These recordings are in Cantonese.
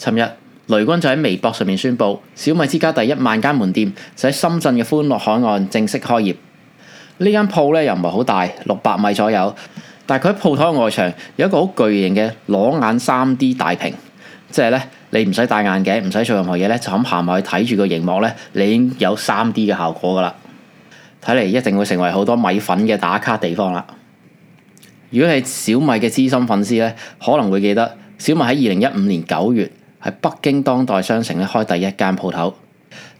尋日雷軍就喺微博上面宣布，小米之家第一萬間門店就喺深圳嘅歡樂海岸正式開業。呢間鋪咧又唔係好大，六百米左右，但係佢喺鋪頭嘅外牆有一個好巨型嘅裸眼三 D 大屏，即係咧你唔使戴眼鏡，唔使做任何嘢咧，就咁行埋去睇住個熒幕咧，你已經有三 D 嘅效果噶啦。睇嚟一定會成為好多米粉嘅打卡地方啦。如果係小米嘅資深粉絲咧，可能會記得小米喺二零一五年九月，喺北京當代商城咧開第一間鋪頭，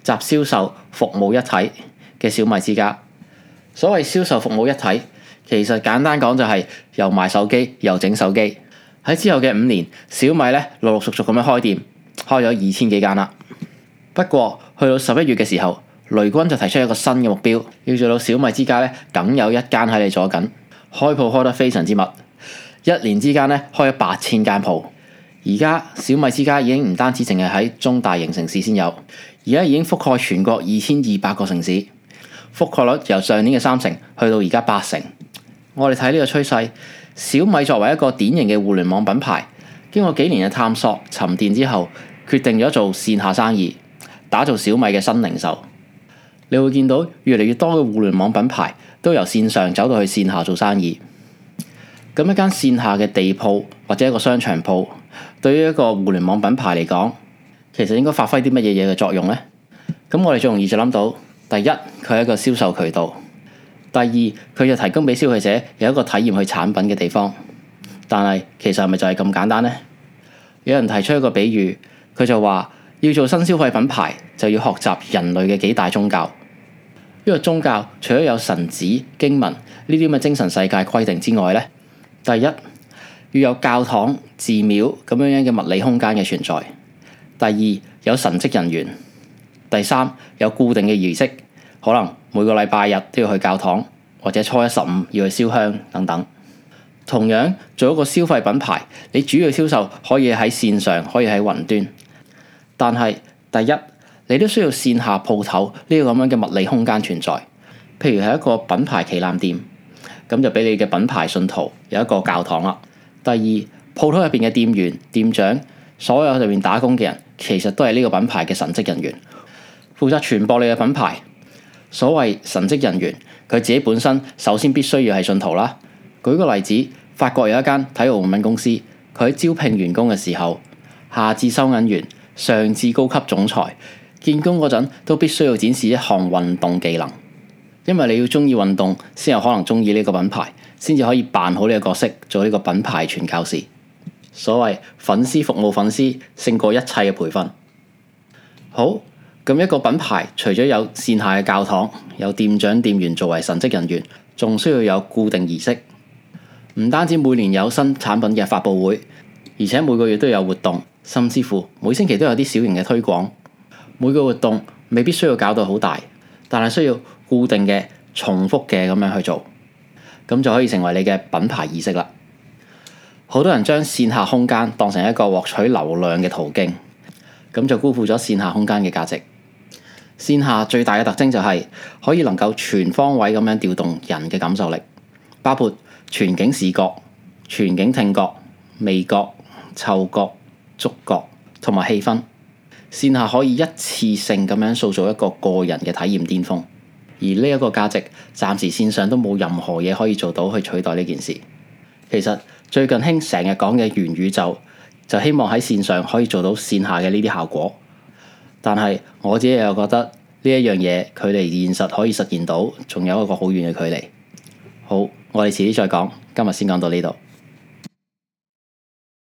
集銷售服務一體嘅小米之家。所謂銷售服務一體，其實簡單講就係又賣手機又整手機。喺之後嘅五年，小米咧陸陸續續咁樣開店，開咗二千幾間啦。不過去到十一月嘅時候，雷軍就提出一個新嘅目標，要做到小米之家咧，梗有一間喺你左近，開鋪開得非常之密，一年之間咧開咗八千間鋪。而家小米之家已經唔單止淨係喺中大型城市先有，而家已經覆蓋全國二千二百個城市，覆蓋率由上年嘅三成去到而家八成。我哋睇呢個趨勢，小米作為一個典型嘅互聯網品牌，經過幾年嘅探索、沉澱之後，決定咗做線下生意，打造小米嘅新零售。你會見到越嚟越多嘅互聯網品牌都由線上走到去線下做生意。咁一間線下嘅地鋪或者一個商場鋪。對於一個互聯網品牌嚟講，其實應該發揮啲乜嘢嘢嘅作用呢？咁我哋最容易就諗到，第一佢係一個銷售渠道；第二佢就提供俾消費者有一個體驗去產品嘅地方。但係其實係咪就係咁簡單呢？有人提出一個比喻，佢就話要做新消費品牌就要學習人類嘅幾大宗教。呢個宗教除咗有神旨、經文呢啲咁嘅精神世界規定之外咧，第一。要有教堂、寺廟咁樣樣嘅物理空間嘅存在。第二，有神職人員；第三，有固定嘅儀式，可能每個禮拜日都要去教堂，或者初一十五要去燒香等等。同樣，做一個消費品牌，你主要銷售可以喺線上，可以喺雲端，但係第一，你都需要線下鋪頭呢個咁樣嘅物理空間存在。譬如係一個品牌旗艦店，咁就俾你嘅品牌信徒有一個教堂啦。第二，鋪頭入邊嘅店員、店長，所有入邊打工嘅人，其實都係呢個品牌嘅神職人員，負責傳播你嘅品牌。所謂神職人員，佢自己本身首先必須要係信徒啦。舉個例子，法國有一間體育用品公司，佢喺招聘員工嘅時候，下至收銀員，上至高級總裁，見工嗰陣都必須要展示一項運動技能。因為你要中意運動，先有可能中意呢個品牌，先至可以扮好呢個角色，做呢個品牌傳教士。所謂粉絲服務粉絲，勝過一切嘅培訓。好，咁一個品牌除咗有線下嘅教堂，有店長店員作為神職人員，仲需要有固定儀式。唔單止每年有新產品嘅發佈會，而且每個月都有活動，甚至乎每星期都有啲小型嘅推廣。每個活動未必需要搞到好大，但係需要。固定嘅、重複嘅咁樣去做，咁就可以成為你嘅品牌意識啦。好多人將線下空間當成一個獲取流量嘅途徑，咁就辜負咗線下空間嘅價值。線下最大嘅特徵就係、是、可以能夠全方位咁樣調動人嘅感受力，包括全景視覺、全景聽覺、味覺、嗅覺、觸覺同埋氣氛。線下可以一次性咁樣塑造一個個人嘅體驗巔峰。而呢一個價值，暫時線上都冇任何嘢可以做到去取代呢件事。其實最近興成日講嘅元宇宙，就希望喺線上可以做到線下嘅呢啲效果。但係我自己又覺得呢一樣嘢，距離現實可以實現到，仲有一個好遠嘅距離。好，我哋遲啲再講，今日先講到呢度。